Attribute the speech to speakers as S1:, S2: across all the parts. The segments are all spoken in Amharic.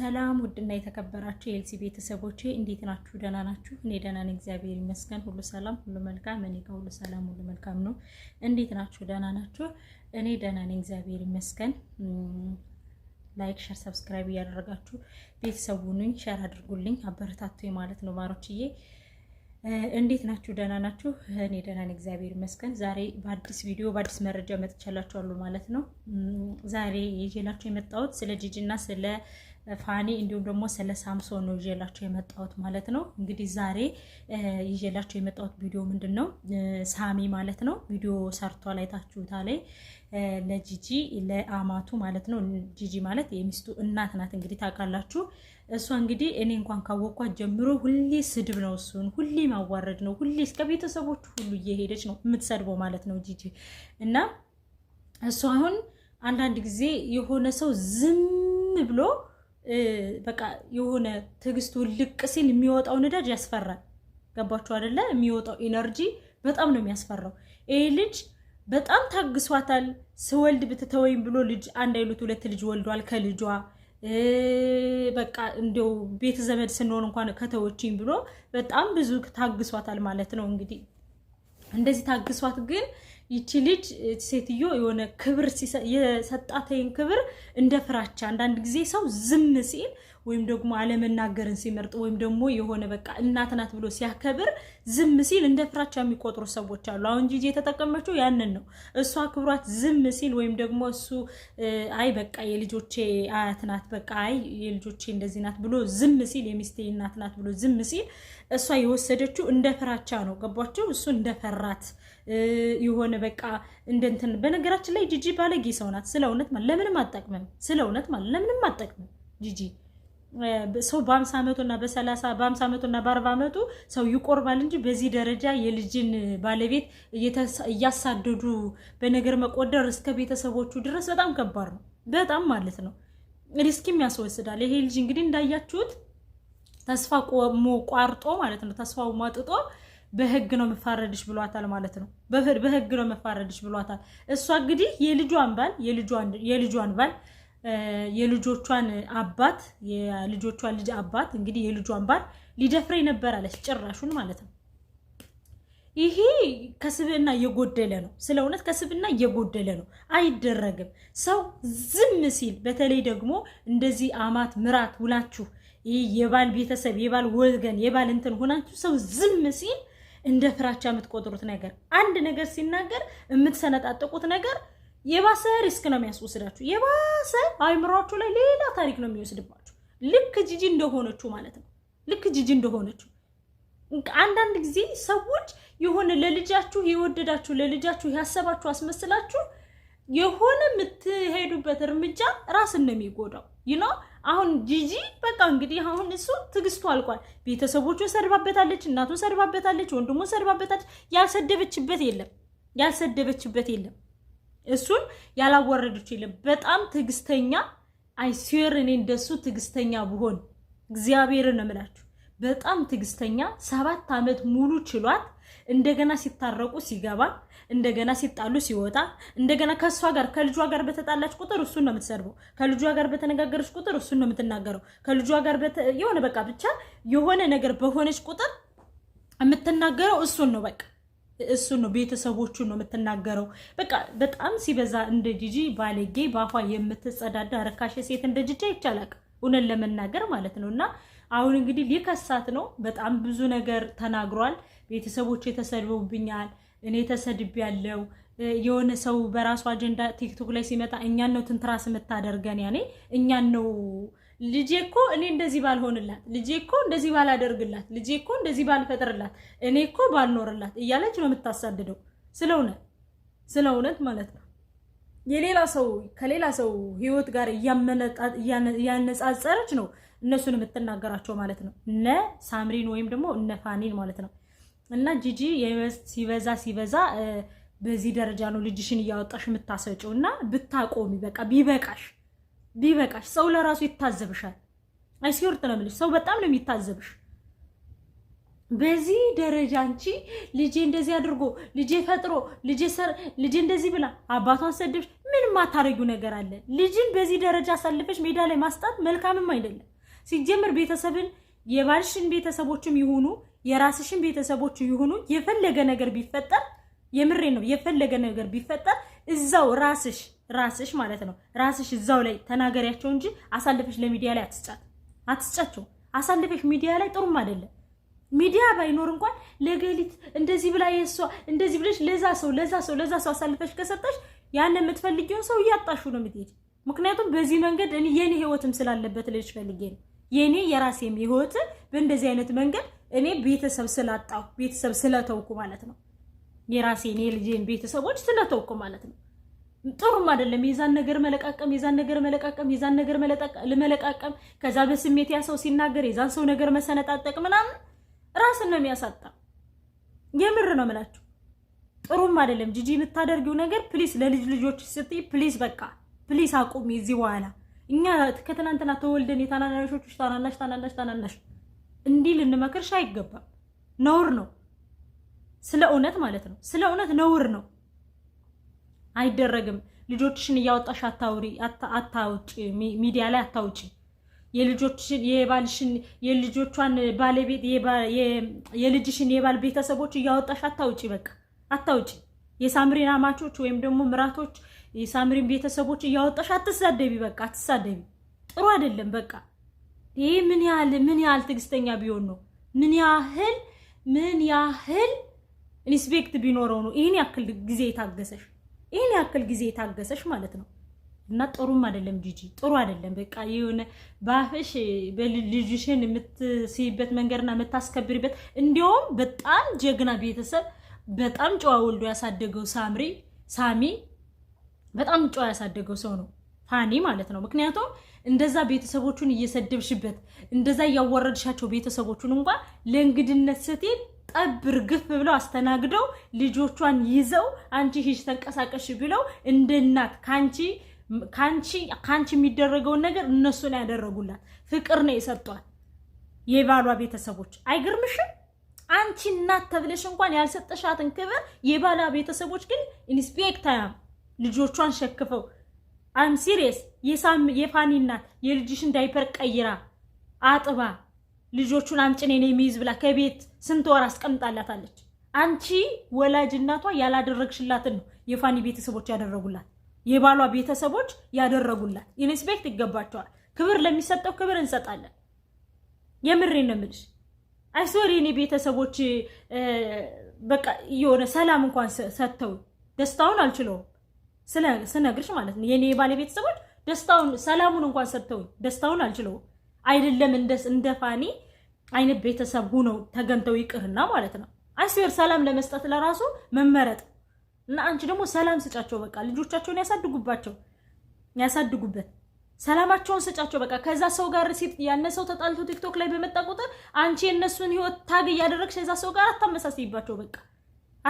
S1: ሰላም ውድና የተከበራችሁ የኤልሲ ቤተሰቦቼ እንዴት ናችሁ? ደህና ናችሁ? እኔ ደህና ነኝ፣ እግዚአብሔር ይመስገን። ሁሉ ሰላም፣ ሁሉ መልካም። እኔ ጋር ሁሉ ሰላም፣ ሁሉ መልካም ነው። እንዴት ናችሁ? ደህና ናችሁ? እኔ ደህና ነኝ፣ እግዚአብሔር ይመስገን። ላይክ፣ ሸር፣ ሰብስክራይብ እያደረጋችሁ ቤተሰቡን ሸር አድርጉልኝ፣ አበረታቱ ማለት ነው ማሮችዬ እንዴት ናችሁ? ደህና ናችሁ? እኔ ደህና ነኝ እግዚአብሔር ይመስገን። ዛሬ በአዲስ ቪዲዮ በአዲስ መረጃ መጥቻላችኋለሁ ማለት ነው። ዛሬ ይዤላችሁ የመጣሁት ስለ ጂጂ እና ስለ ፋኒ እንዲሁም ደግሞ ስለ ሳምሶን ነው ይዤላቸው የመጣሁት ማለት ነው። እንግዲህ ዛሬ ይዤላቸው የመጣሁት ቪዲዮ ምንድን ነው? ሳሚ ማለት ነው ቪዲዮ ሰርቷል፣ አይታችሁታ ላይ ለጂጂ ለአማቱ ማለት ነው። ጂጂ ማለት የሚስቱ እናት ናት እንግዲህ ታውቃላችሁ። እሷ እንግዲህ እኔ እንኳን ካወቅኳት ጀምሮ ሁሌ ስድብ ነው፣ እሱን ሁሌ ማዋረድ ነው፣ ሁሌ እስከ ቤተሰቦቹ ሁሉ እየሄደች ነው የምትሰድበው ማለት ነው ጂጂ እና እሱ አሁን አንዳንድ ጊዜ የሆነ ሰው ዝም ብሎ በቃ የሆነ ትዕግስቱ ልቅ ሲል የሚወጣው ነዳጅ ያስፈራል። ገባችሁ አደለ የሚወጣው ኢነርጂ በጣም ነው የሚያስፈራው። ይሄ ልጅ በጣም ታግሷታል። ስወልድ ብትተወይም ብሎ ልጅ አንድ አይሉት ሁለት ልጅ ወልዷል ከልጇ በቃ እንደው ቤተ ዘመድ ስንሆን እንኳን ከተወችኝ ብሎ በጣም ብዙ ታግሷታል ማለት ነው። እንግዲህ እንደዚህ ታግሷት ግን ይቺ ልጅ ሴትዮ የሆነ ክብር የሰጣተይን ክብር እንደ ፍራቻ አንዳንድ ጊዜ ሰው ዝም ሲል ወይም ደግሞ አለመናገርን ሲመርጥ ወይም ደግሞ የሆነ በቃ እናት ናት ብሎ ሲያከብር ዝም ሲል እንደ ፍራቻ የሚቆጥሩ ሰዎች አሉ። አሁን ጂጂ የተጠቀመችው ያንን ነው። እሱ አክብሯት ዝም ሲል ወይም ደግሞ እሱ አይ በቃ የልጆቼ አያት ናት፣ በቃ አይ የልጆቼ እንደዚህ ናት ብሎ ዝም ሲል፣ የሚስቴ እናት ናት ብሎ ዝም ሲል እሷ የወሰደችው እንደ ፍራቻ ነው። ገቧቸው እሱ ፈራት የሆነ በቃ እንደንትን። በነገራችን ላይ ጂጂ ባለጌ ሰው ናት። ስለ እውነት ለምንም አጠቅምም። ስለ እውነት ለምንም አጠቅምም ጂጂ ሰው በአምሳ ዓመቱ እና በሰላሳ በአምሳ ዓመቱ እና በአርባ ዓመቱ ሰው ይቆርባል እንጂ በዚህ ደረጃ የልጅን ባለቤት እያሳደዱ በነገር መቆደር እስከ ቤተሰቦቹ ድረስ በጣም ከባድ ነው። በጣም ማለት ነው። ሪስኪም ያስወስዳል። ይሄ ልጅ እንግዲህ እንዳያችሁት ተስፋ ቋርጦ ማለት ነው። ተስፋው ማጥጦ በህግ ነው መፋረድሽ ብሏታል ማለት ነው። በህግ ነው መፋረድሽ ብሏታል። እሷ እንግዲህ የልጇን ባል የልጇን ባል የልጆቿን አባት የልጆቿን ልጅ አባት እንግዲህ የልጇን ባል ሊደፍረ ነበር አለች። ጭራሹን ማለት ነው። ይሄ ከስብዕና እየጎደለ ነው። ስለ እውነት ከስብዕና እየጎደለ ነው። አይደረግም። ሰው ዝም ሲል፣ በተለይ ደግሞ እንደዚህ አማት ምራት ውላችሁ የባል ቤተሰብ የባል ወገን የባል እንትን ሆናችሁ ሰው ዝም ሲል እንደ ፍራቻ የምትቆጥሩት ነገር አንድ ነገር ሲናገር የምትሰነጣጥቁት ነገር የባሰ ሪስክ ነው የሚያስወስዳችሁ። የባሰ አይምሯችሁ ላይ ሌላ ታሪክ ነው የሚወስድባችሁ። ልክ ጂጂ እንደሆነችው ማለት ነው። ልክ ጂጂ እንደሆነችው አንዳንድ ጊዜ ሰዎች የሆነ ለልጃችሁ የወደዳችሁ ለልጃችሁ ያሰባችሁ አስመስላችሁ የሆነ የምትሄዱበት እርምጃ ራስን ነው የሚጎዳው። ይኖ አሁን ጂጂ በቃ እንግዲህ አሁን እሱ ትግስቱ አልቋል። ቤተሰቦቹን ሰድባበታለች፣ እናቱን ሰድባበታለች፣ ወንድሙን ሰድባበታለች። ያልሰደበችበት የለም ያልሰደበችበት የለም። እሱን ያላወረደች በጣም ትዕግስተኛ አይስዌር እኔ እንደሱ ትዕግስተኛ ብሆን እግዚአብሔርን ነው የምላችሁ። በጣም ትዕግስተኛ ሰባት ዓመት ሙሉ ችሏት እንደገና ሲታረቁ ሲገባ እንደገና ሲጣሉ ሲወጣ እንደገና ከእሷ ጋር ከልጇ ጋር በተጣላች ቁጥር እሱን ነው የምትሰድበው። ከልጇ ጋር በተነጋገረች ቁጥር እሱን ነው የምትናገረው። ከልጇ ጋር የሆነ በቃ ብቻ የሆነ ነገር በሆነች ቁጥር የምትናገረው እሱን ነው በቃ እሱን ነው ቤተሰቦቹን ነው የምትናገረው። በቃ በጣም ሲበዛ እንደ ጂጂ ባለጌ በአፏ የምትጸዳዳ ረካሽ ሴት እንደ ጂጂ ይቻላል እውነት ለመናገር ማለት ነው። እና አሁን እንግዲህ ሊከሳት ነው። በጣም ብዙ ነገር ተናግሯል። ቤተሰቦች የተሰድበውብኛል፣ እኔ ተሰድቤያለሁ። የሆነ ሰው በራሱ አጀንዳ ቲክቶክ ላይ ሲመጣ እኛን ነው ትንትራስ የምታደርገን፣ ያኔ እኛን ነው ልጄ እኮ እኔ እንደዚህ ባልሆንላት፣ ልጄ እኮ እንደዚህ ባላደርግላት፣ ልጄ እኮ እንደዚህ ባልፈጥርላት፣ እኔ እኮ ባልኖርላት እያለች ነው የምታሳድደው። ስለ እውነት ስለ እውነት ማለት ነው የሌላ ሰው ከሌላ ሰው ህይወት ጋር እያነጻጸረች ነው እነሱን የምትናገራቸው ማለት ነው። እነ ሳምሪን ወይም ደግሞ እነ ፋኒን ማለት ነው። እና ጂጂ ሲበዛ ሲበዛ በዚህ ደረጃ ነው ልጅሽን እያወጣሽ የምታሰጭው። እና ብታቆሚ በቃ ቢበቃሽ ቢበቃሽ ሰው ለራሱ ይታዘብሻል። አይስኪርት ነው የምልሽ፣ ሰው በጣም ነው የሚታዘብሽ። በዚህ ደረጃ አንቺ ልጄ እንደዚህ አድርጎ ልጄ ፈጥሮ ልጄ ሰር ልጄ እንደዚህ ብላ አባቷን ሰደብሽ፣ ምን አታረጊው ነገር አለ። ልጅን በዚህ ደረጃ አሳልፈሽ ሜዳ ላይ ማስጣት መልካምም አይደለም። ሲጀምር ቤተሰብን የባልሽን ቤተሰቦችም ይሁኑ የራስሽን ቤተሰቦች ይሁኑ የፈለገ ነገር ቢፈጠር፣ የምሬ ነው የፈለገ ነገር ቢፈጠር እዛው ራስሽ ራስሽ ማለት ነው። ራስሽ እዛው ላይ ተናገሪያቸው እንጂ አሳልፈሽ ለሚዲያ ላይ አትስጫት አትስጫቸው። አሳልፈሽ ሚዲያ ላይ ጥሩም አይደለም። ሚዲያ ባይኖር እንኳን ለገሊት እንደዚህ ብላ የሷ እንደዚህ ብለሽ ለዛ ሰው ለዛ ሰው ለዛ ሰው አሳልፈሽ ከሰጠሽ ያን የምትፈልጊውን ሰው እያጣሹ ነው የምትሄድ። ምክንያቱም በዚህ መንገድ እኔ የኔ ህይወትም ስላለበት ልጅ ፈልጌ ነው የኔ የራሴም ህይወት በእንደዚህ አይነት መንገድ እኔ ቤተሰብ ስላጣሁ ቤተሰብ ስለተውኩ ማለት ነው የራሴን የልጄን ቤተሰቦች ስለተውኩ ማለት ነው። ጥሩም አይደለም። የዛን ነገር መለቃቀም የዛን ነገር መለቃቀም የዛን ነገር መለቃቀም፣ ከዛ በስሜት ያ ሰው ሲናገር የዛን ሰው ነገር መሰነጣጠቅ ምናምን ራስን ነው የሚያሳጣ። የምር ነው የምላችሁ። ጥሩም አይደለም ጂጂ የምታደርጊው ነገር። ፕሊስ ለልጅ ልጆች ስትይ ፕሊስ፣ በቃ ፕሊስ አቁሚ። እዚህ በኋላ እኛ ከትናንትና ተወልደን የታናናሾች ታናናሽ ታናናሽ ታናናሽ እንዲህ ልንመክርሽ አይገባም። ነውር ነው፣ ስለ እውነት ማለት ነው። ስለ እውነት ነውር ነው። አይደረግም። ልጆችሽን እያወጣሽ አታውሪ፣ አታውጪ፣ ሚዲያ ላይ አታውጪ። የልጆችን የባልሽን የልጆቿን ባለቤት የልጅሽን የባል ቤተሰቦች እያወጣሽ አታውጪ። በቃ አታውጪ። የሳምሪን አማቾች ወይም ደግሞ ምራቶች የሳምሪን ቤተሰቦች እያወጣሽ አትሳደቢ። በቃ አትሳደቢ። ጥሩ አይደለም። በቃ ይሄ ምን ያህል ምን ያህል ትዕግስተኛ ቢሆን ነው ምን ያህል ምን ያህል ኢንስፔክት ቢኖረው ነው ይህን ያክል ጊዜ የታገሰሽ? ይህን ያክል ጊዜ የታገሰሽ ማለት ነው። እና ጥሩም አይደለም ጂጂ፣ ጥሩ አይደለም። በቃ የሆነ ባፍሽ በልጅሽን የምትስይበት መንገድና የምታስከብሪበት እንዲሁም በጣም ጀግና ቤተሰብ በጣም ጨዋ ወልዶ ያሳደገው ሳምሪ ሳሚ በጣም ጨዋ ያሳደገው ሰው ነው ፋኒ ማለት ነው። ምክንያቱም እንደዛ ቤተሰቦቹን እየሰደብሽበት እንደዛ እያወረድሻቸው ቤተሰቦቹን እንኳን ለእንግድነት ስትሄድ ጠብ እርግፍ ብለው አስተናግደው ልጆቿን ይዘው አንቺ ሂጅ ተንቀሳቀሽ ብለው እንደ እናት ካንቺ የሚደረገውን ነገር እነሱን ያደረጉላት ፍቅር ነው የሰጧት የባሏ ቤተሰቦች። አይገርምሽም? አንቺ እናት ተብለሽ እንኳን ያልሰጠሻትን ክብር የባሏ ቤተሰቦች ግን ኢንስፔክተር ልጆቿን ሸክፈው አም ሲሪየስ የፋኒ እናት የልጅሽን ዳይፐር ቀይራ አጥባ ልጆቹን አምጪ እኔ ነው የሚይዝ ብላ ከቤት ስንት ወር አስቀምጣላታለች። አንቺ ወላጅ እናቷ ያላደረግሽላትን ነው የፋኒ ቤተሰቦች ያደረጉላት፣ የባሏ ቤተሰቦች ያደረጉላት። ኢንስፔክት ይገባቸዋል። ክብር ለሚሰጠው ክብር እንሰጣለን። የምሬ ነው የምልሽ። አይስወር የኔ ቤተሰቦች በቃ የሆነ ሰላም እንኳን ሰጥተው ደስታውን አልችለውም ስነግርሽ ማለት ነው። የኔ የባሌ ቤተሰቦች ደስታውን ሰላሙን እንኳን ሰጥተው ደስታውን አልችለውም። አይደለም እንደ ፋኒ አይነት ቤተሰብ ሁነው ተገንተው ይቅርና ማለት ነው። አይስዌር ሰላም ለመስጠት ለራሱ መመረጥ እና አንቺ ደግሞ ሰላም ስጫቸው በቃ ልጆቻቸውን ያሳድጉባቸው ያሳድጉበት ሰላማቸውን ስጫቸው በቃ። ከዛ ሰው ጋር ሴት ያነ ሰው ተጣልቶ ቲክቶክ ላይ በመጣ ቁጥር አንቺ የእነሱን ህይወት ታግ እያደረግሽ ከዛ ሰው ጋር አታመሳሰይባቸው በቃ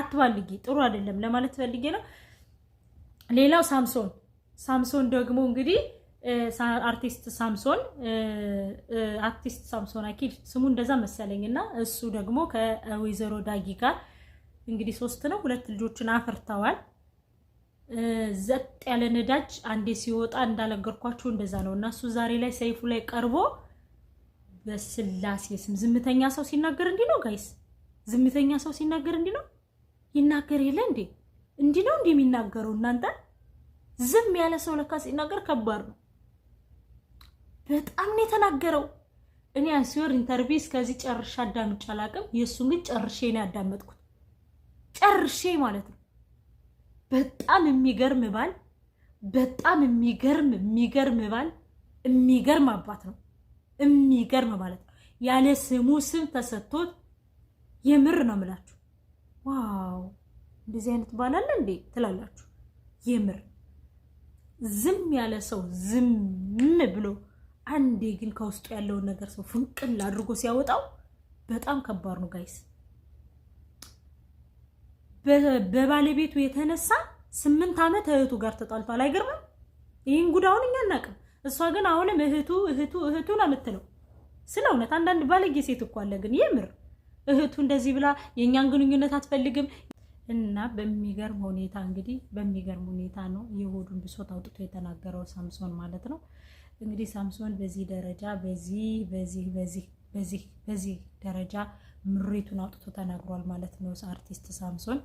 S1: አትባልጊ። ጥሩ አይደለም ለማለት ፈልጌ ነው። ሌላው ሳምሶን ሳምሶን ደግሞ እንግዲህ አርቲስት ሳምሶን አርቲስት ሳምሶን አኪል ስሙ እንደዛ መሰለኝ እና እሱ ደግሞ ከወይዘሮ ዳጊ ጋር እንግዲህ ሶስት ነው ሁለት ልጆችን አፍርተዋል። ዘጥ ያለ ነዳጅ አንዴ ሲወጣ እንዳለገርኳችሁ እንደዛ ነው እና እሱ ዛሬ ላይ ሰይፉ ላይ ቀርቦ በስላሴ ስም ዝምተኛ ሰው ሲናገር እንዲህ ነው ጋይስ፣ ዝምተኛ ሰው ሲናገር እንዲህ ነው ይናገር የለ እንዴ? እንዲህ ነው እንዲህ የሚናገረው እናንተ። ዝም ያለ ሰው ለካ ሲናገር ከባድ ነው። በጣም ነው የተናገረው። እኔ አንስዮር ኢንተርቪው እስከዚህ ጨርሼ አዳምጬ አላውቅም። የእሱን ግን ጨርሼ ነው ያዳመጥኩት፣ ጨርሼ ማለት ነው። በጣም የሚገርም ባል፣ በጣም የሚገርም የሚገርም ባል፣ የሚገርም አባት ነው። የሚገርም ማለት ነው። ያለ ስሙ ስም ተሰጥቶት የምር ነው የምላችሁ። ዋው እንደዚህ አይነት ባል አለ እንዴ ትላላችሁ። የምር ዝም ያለ ሰው ዝም ብሎ አንዴ ግን ከውስጡ ያለውን ነገር ሰው ፍንቅል አድርጎ ሲያወጣው በጣም ከባድ ነው ጋይስ። በባለቤቱ የተነሳ ስምንት ዓመት እህቱ ጋር ተጣልቷል። አይገርምም? ይህን ጉዳውን እኛ አናውቅም። እሷ ግን አሁንም እህቱ እህቱ እህቱ ነው የምትለው። ስለ እውነት አንዳንድ ባለጌ ሴት እኮ አለ። ግን የምር እህቱ እንደዚህ ብላ የእኛን ግንኙነት አትፈልግም እና በሚገርም ሁኔታ እንግዲህ በሚገርም ሁኔታ ነው የሆዱን ብሶት አውጥቶ የተናገረው ሳምሶን ማለት ነው። እንግዲህ ሳምሶን በዚህ ደረጃ በዚህ በዚህ በዚህ በዚህ በዚህ ደረጃ ምሬቱን አውጥቶ ተናግሯል ማለት ነው። አርቲስት ሳምሶን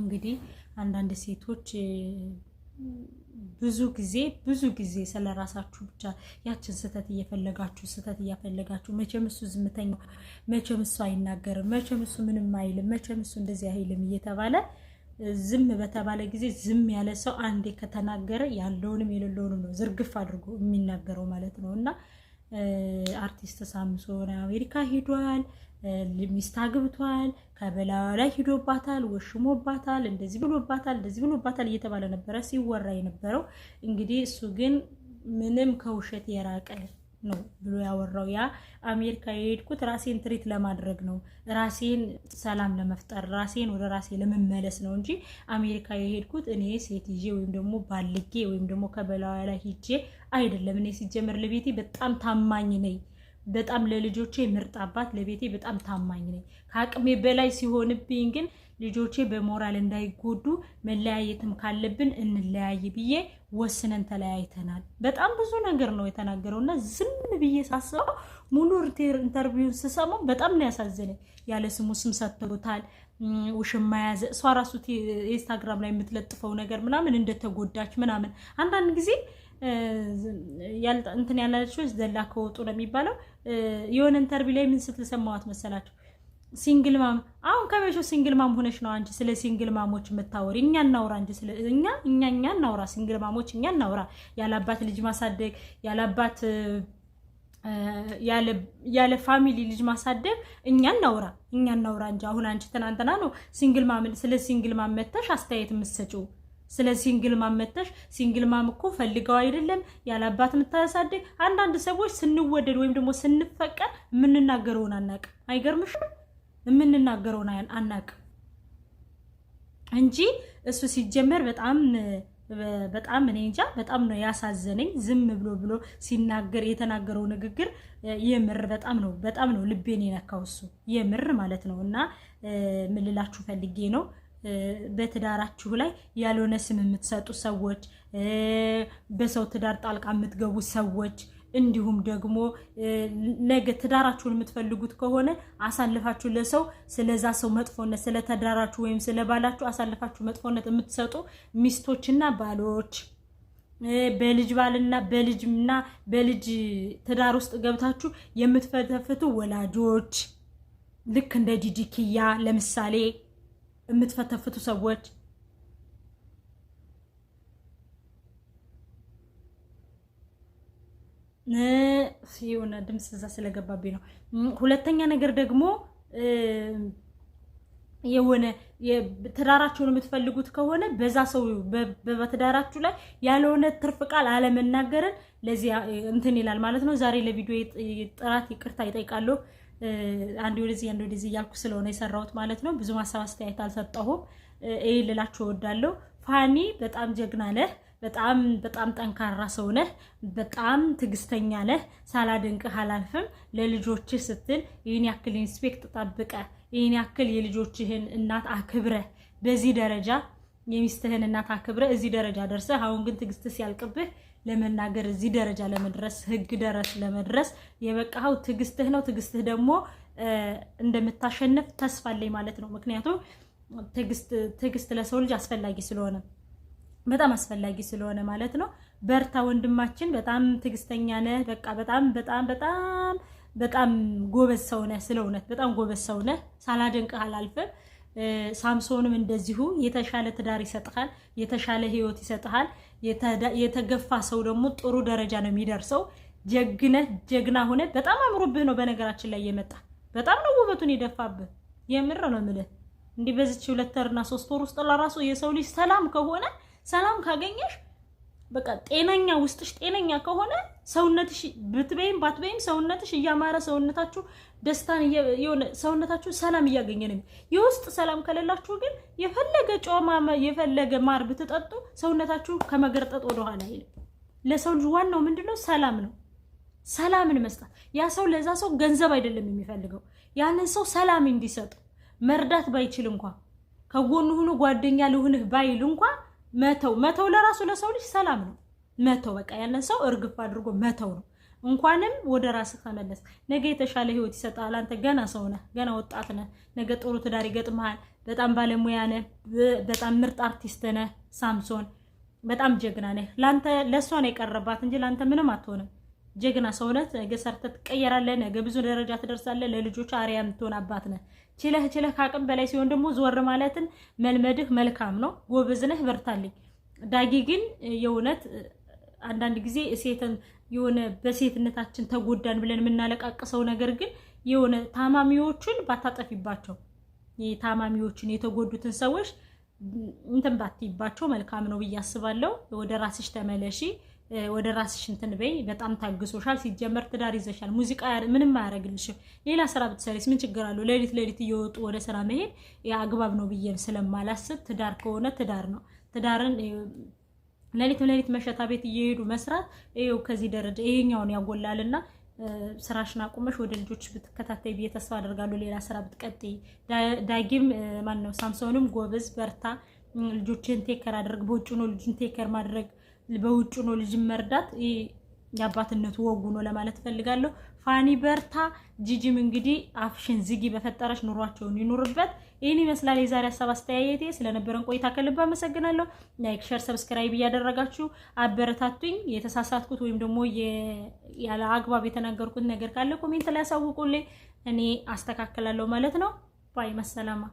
S1: እንግዲህ አንዳንድ ሴቶች ብዙ ጊዜ ብዙ ጊዜ ስለ ራሳችሁ ብቻ ያችን ስህተት እየፈለጋችሁ ስህተት እያፈለጋችሁ መቼም እሱ ዝምተኛ፣ መቼም እሱ አይናገርም፣ መቼም እሱ ምንም አይልም፣ መቼም እሱ እንደዚህ አይልም እየተባለ ዝም በተባለ ጊዜ ዝም ያለ ሰው አንዴ ከተናገረ ያለውንም የሌለውንም ነው ዝርግፍ አድርጎ የሚናገረው ማለት ነው። እና አርቲስት ሳምሶን አሜሪካ ሂዷል፣ ሚስት አግብቷል፣ ከበላ ላይ ሂዶባታል፣ ወሽሞባታል፣ እንደዚህ ብሎባታል፣ እንደዚህ ብሎባታል እየተባለ ነበረ ሲወራ የነበረው። እንግዲህ እሱ ግን ምንም ከውሸት የራቀ ነው ብሎ ያወራው። ያ አሜሪካ የሄድኩት ራሴን ትሪት ለማድረግ ነው፣ ራሴን ሰላም ለመፍጠር፣ ራሴን ወደ ራሴ ለመመለስ ነው እንጂ አሜሪካ የሄድኩት እኔ ሴት ይዤ ወይም ደግሞ ባልጌ ወይም ደግሞ ከበላዋ ላይ ሂጄ አይደለም። እኔ ሲጀምር ለቤቴ በጣም ታማኝ ነኝ። በጣም ለልጆቼ ምርጥ አባት፣ ለቤቴ በጣም ታማኝ ነኝ። ከአቅሜ በላይ ሲሆንብኝ ግን ልጆቼ በሞራል እንዳይጎዱ መለያየትም ካለብን እንለያይ ብዬ ወስነን ተለያይተናል። በጣም ብዙ ነገር ነው የተናገረው እና ዝም ብዬ ሳስበው ሙሉ ኢንተርቪውን ስሰማው በጣም ነው ያሳዝነኝ። ያለ ስሙ ስም ሰጥተውታል። ውሽማ ያዘ እሷ ራሱ ኢንስታግራም ላይ የምትለጥፈው ነገር ምናምን እንደተጎዳች ምናምን አንዳንድ ጊዜ እንትን ያላለች ዘላ ከወጡ ነው የሚባለው። የሆነ ኢንተርቪው ላይ ምን ስትል ሰማዋት መሰላቸው ሲንግል ማም አሁን ከመሾ ሲንግል ማም ሆነሽ ነው አንቺ ስለ ሲንግል ማሞች የምታወሪ? እኛ እናውራ እንጂ ስለ እኛ እኛ እኛ እናውራ፣ ሲንግል ማሞች እኛ እናውራ። ያለአባት ልጅ ማሳደግ ያለአባት ያለ ፋሚሊ ልጅ ማሳደግ እኛ እናውራ፣ እኛ እናውራ እንጂ አሁን አንቺ ትናንትና ነው ሲንግል ማም ስለ ሲንግል ማም መተሽ አስተያየት የምትሰጪው። ስለ ሲንግል ማም መተሽ ሲንግል ማም እኮ ፈልገው አይደለም ያለአባት የምታሳደግ። አንዳንድ ሰዎች ስንወደድ ወይም ደግሞ ስንፈቀር የምንናገረውን አናውቅም። አይገርምሽም? የምንናገረውን አናቅም እንጂ እሱ ሲጀመር በጣም በጣም እኔ እንጃ በጣም ነው ያሳዘነኝ። ዝም ብሎ ብሎ ሲናገር የተናገረው ንግግር የምር በጣም ነው በጣም ነው ልቤን የነካው እሱ የምር ማለት ነው። እና ምን ፈልጌ ነው በትዳራችሁ ላይ ያልሆነ ስም የምትሰጡ ሰዎች፣ በሰው ትዳር ጣልቃ የምትገቡ ሰዎች እንዲሁም ደግሞ ነገ ትዳራችሁን የምትፈልጉት ከሆነ አሳልፋችሁ ለሰው ስለዛ ሰው መጥፎነት ስለ ትዳራችሁ ወይም ስለ ባላችሁ አሳልፋችሁ መጥፎነት የምትሰጡ ሚስቶችና ባሎች በልጅ ባልና በልጅና በልጅ ትዳር ውስጥ ገብታችሁ የምትፈተፍቱ ወላጆች ልክ እንደ ዲዲክያ ለምሳሌ የምትፈተፍቱ ሰዎች ሲሆነ ድምፅ እዛ ስለገባብኝ ነው። ሁለተኛ ነገር ደግሞ የሆነ ትዳራችሁን የምትፈልጉት ከሆነ በዛ ሰው በትዳራችሁ ላይ ያለሆነ ትርፍ ቃል አለመናገርን ለዚህ እንትን ይላል ማለት ነው። ዛሬ ለቪዲዮ ጥራት ይቅርታ ይጠይቃለሁ። አንድ ወደዚህ አንድ ወደዚህ እያልኩ ስለሆነ የሰራሁት ማለት ነው። ብዙ ማሰብ አስተያየት አልሰጠሁም። ይህ ልላችሁ እወዳለሁ። ፋኒ በጣም ጀግና ነህ። በጣም በጣም ጠንካራ ሰው ነህ። በጣም ትዕግስተኛ ነህ። ሳላደንቅህ አላልፍም። ለልጆችህ ስትል ይህን ያክል ኢንስፔክት ጠብቀ፣ ይህን ያክል የልጆችህን እናት አክብረህ በዚህ ደረጃ የሚስትህን እናት አክብረህ እዚህ ደረጃ ደርሰህ አሁን ግን ትዕግስት ሲያልቅብህ ለመናገር እዚህ ደረጃ ለመድረስ ህግ ደረስ ለመድረስ የበቃኸው ትዕግስትህ ነው። ትዕግስትህ ደግሞ እንደምታሸንፍ ተስፋ አለኝ ማለት ነው። ምክንያቱም ትዕግስት ለሰው ልጅ አስፈላጊ ስለሆነ በጣም አስፈላጊ ስለሆነ ማለት ነው። በርታ ወንድማችን፣ በጣም ትዕግስተኛ ነህ። በቃ በጣም በጣም በጣም በጣም ጎበዝ ሰው ነህ። ስለ እውነት በጣም ጎበዝ ሰው ነህ። ሳላደንቅህ አላልፍም። ሳምሶንም እንደዚሁ የተሻለ ትዳር ይሰጥሃል፣ የተሻለ ህይወት ይሰጥሃል። የተገፋ ሰው ደግሞ ጥሩ ደረጃ ነው የሚደርሰው። ጀግነህ ጀግና ሆነ። በጣም አምሮብህ ነው በነገራችን ላይ የመጣ በጣም ነው ውበቱን የደፋብህ። የምር ነው የምልህ እንዲህ በዚች ሁለት ወርና ሶስት ወር ውስጥ ለራሱ የሰው ልጅ ሰላም ከሆነ ሰላም ካገኘሽ በቃ ጤነኛ ውስጥሽ ጤነኛ ከሆነ ሰውነትሽ ብትበይም ባትበይም ሰውነትሽ እያማረ ሰውነታችሁ ደስታን የሆነ ሰውነታችሁ ሰላም እያገኘ ነው። የውስጥ ሰላም ከሌላችሁ ግን የፈለገ ጮማ የፈለገ ማር ብትጠጡ ሰውነታችሁ ከመገርጠጥ ወደኋላ አይልም። ለሰው ልጅ ዋናው ምንድን ነው? ሰላም ነው። ሰላምን መስጠት። ያ ሰው ለዛ ሰው ገንዘብ አይደለም የሚፈልገው ያንን ሰው ሰላም እንዲሰጡ መርዳት ባይችል እንኳ ከጎኑ ሆኖ ጓደኛ ልሁንህ ባይል እንኳ መተው መተው ለራሱ ለሰው ልጅ ሰላም ነው። መተው በቃ ያለን ሰው እርግፍ አድርጎ መተው ነው። እንኳንም ወደ ራስ ተመለስ። ነገ የተሻለ ህይወት ይሰጣል። አንተ ገና ሰው ነህ፣ ገና ወጣት ነህ። ነገ ጥሩ ትዳር ይገጥመሃል። በጣም ባለሙያ ነህ። በጣም ምርጥ አርቲስት ነህ ሳምሶን። በጣም ጀግና ነህ። ለአንተ ለእሷ ነው የቀረባት እንጂ ለአንተ ምንም አትሆንም። ጀግና ሰውነት ነገ ሰርተህ ትቀየራለህ። ነገ ብዙ ደረጃ ትደርሳለህ። ለልጆች አርያ የምትሆን አባት ነህ። ችለህ ችለህ ካቅም በላይ ሲሆን ደግሞ ዞር ማለትን መልመድህ መልካም ነው። ጎበዝነህ በርታልኝ። ዳጊ ግን የእውነት አንዳንድ ጊዜ ሴትን የሆነ በሴትነታችን ተጎዳን ብለን የምናለቃቅሰው ነገር ግን የሆነ ታማሚዎቹን ባታጠፊባቸው ታማሚዎችን የተጎዱትን ሰዎች እንትን ባትይባቸው መልካም ነው ብዬ አስባለሁ። ወደ ራስሽ ተመለሺ። ወደ ራስሽ እንትን በይ። በጣም ታግሶሻል። ሲጀመር ትዳር ይዘሻል። ሙዚቃ ምንም አያደርግልሽም። ሌላ ስራ ብትሰሪስ ምን ችግር አለው? ሌሊት ሌሊት እየወጡ ወደ ስራ መሄድ አግባብ ነው ብዬም ስለማላስብ ትዳር ከሆነ ትዳር ነው። ትዳርን ሌሊት ሌሊት መሸታ ቤት እየሄዱ መስራት ይኸው ከዚህ ደረጃ ይሄኛውን ያጎላልና ስራሽን አቁመሽ ወደ ልጆች ብትከታተይ ብዬ ተስፋ አደርጋለሁ። ሌላ ስራ ብትቀጥይ። ዳጊም ማን ነው ሳምሶንም ጎበዝ በርታ፣ ልጆችን ቴከር አድርግ። በውጭ ነው ልጅን ቴከር ማድረግ በውጭ ነው ልጅ መርዳት የአባትነቱ ወጉ ነው ለማለት እፈልጋለሁ። ፋኒ በርታ። ጂጂም እንግዲህ አፍሽን ዝጊ በፈጠረች ኑሯቸውን ይኑርበት። ይህን ይመስላል የዛሬ ሀሳብ አስተያየቴ። ስለነበረን ቆይታ ከልብ አመሰግናለሁ። ላይክ፣ ሸር፣ ሰብስክራይብ እያደረጋችሁ አበረታቱኝ። የተሳሳትኩት ወይም ደግሞ ያለ አግባብ የተናገርኩት ነገር ካለ ኮሜንት ላይ ያሳውቁልኝ፣ እኔ አስተካክላለሁ ማለት ነው። ባይ መሰላማ